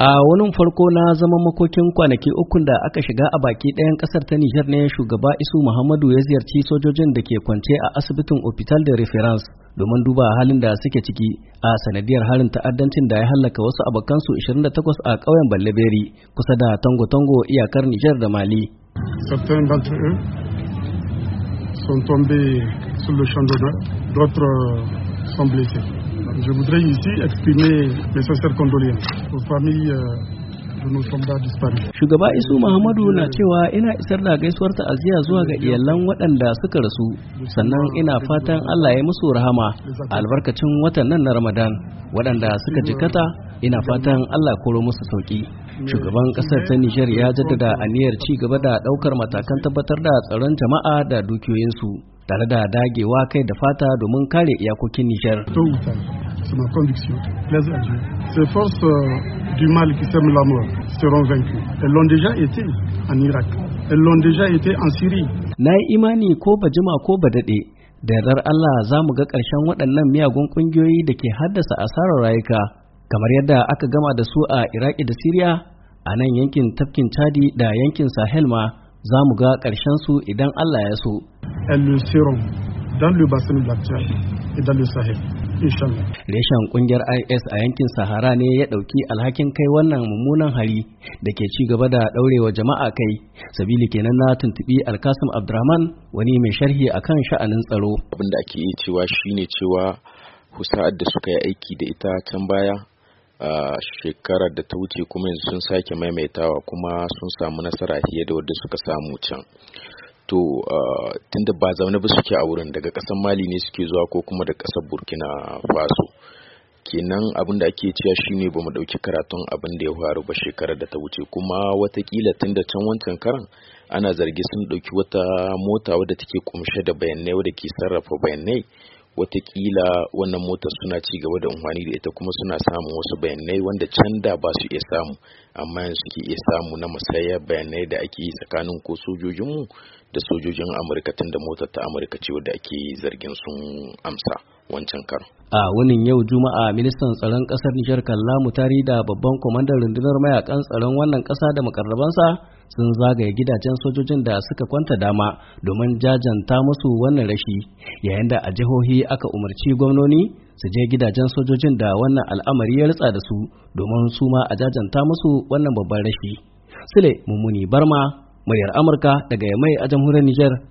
a wani farko na zama makokin kwanaki uku da aka shiga a baki ɗayan ƙasar ta nijar ne shugaba isu muhammadu ya ziyarci sojojin da ke kwance a asibitin hospital de reference domin duba halin da suke ciki a sanadiyar harin ta'addancin da ya hallaka wasu abokansu 28 a ƙauyen ballaberi kusa da tango-tango iyakar nijar da mali sont tombés sur le champ d'honneur, d'autres sont blessés. Je voudrais ici exprimer mes sincères condoléances aux familles euh, Shugaba Isu Muhammadu na cewa ina isar da gaisuwar ta'aziyya zuwa ga iyalan waɗanda suka rasu sannan ina fatan Allah ya musu rahama albarkacin watan nan na Ramadan waɗanda suka jikata ina fatan Allah koro musu sauki. Shugaban ƙasar ta Nijar ya jaddada aniyar ci gaba da ɗaukar matakan tabbatar da tsaron jama'a da dukiyoyinsu tare da dagewa kai da fata domin kare iyakokin Nijar. c'est ma conviction, Les à Ces forces euh, du mal qui sèment la mort seront vaincues. Elles l'ont déjà été en Irak, elles l'ont déjà été en Syrie. Na imani ko ba jima ko ba daɗe, da yardar Allah za mu ga ƙarshen waɗannan miyagun ƙungiyoyi da ke haddasa asarar rayuka, kamar yadda aka gama da su a Iraki da Siriya, a nan yankin tafkin Chadi da yankin Sahel ma za mu ga ƙarshen su idan Allah ya so. Elles le seront dans le bassin de la et dans le Sahel. Reshen kungiyar IS a yankin Sahara ne ya dauki alhakin kai wannan mummunan hari da ke ci gaba da daurewa jama'a kai. Sabili kenan na tuntubi Alkasim Abdurrahman wani mai sharhi akan sha'anin tsaro. Abin da ake iya cewa shine cewa husa'ar da suka yi aiki da ita can baya a shekarar da ta wuce kuma yanzu sun sake maimaitawa kuma sun samu nasara fiye da wadda suka samu can. to ah, tunda ba zaune ba suke a wurin daga ƙasar mali ne suke zuwa ko kuma da kasar burkina faso kenan abin da ake cewa shine ba mu ɗauki karatun abin da ya faru ba shekarar da ta wuce kuma watakila tun da can wancan karan ana zargi sun ɗauki wata mota wadda take kumshe da bayanai wadda ke sarrafa bayanai watakila wannan mota suna ci gaba da amfani da ita kuma suna samun wasu bayanai wanda can da ba su iya samu amma yanzu ke iya samu na musayar bayanai da ake yi tsakanin ko sojojinmu da sojojin amurka tun da motar ta amurka ce wadda ake zargin sun amsa wancan karo a wannan yau juma'a ministan tsaron kasar nijar kallamu tari da babban kwamandan rundunar mayakan tsaron wannan kasa da makarrabansa sun zagaye gidajen sojojin da suka kwanta dama domin jajanta musu wannan rashi yayin da a jihohi aka umarci gwamnoni su je gidajen sojojin da wannan al'amari ya ritsa da su domin su ma a jajanta musu wannan babban rashi sule mummuni barma muryar amurka daga mai a jamhuriyar niger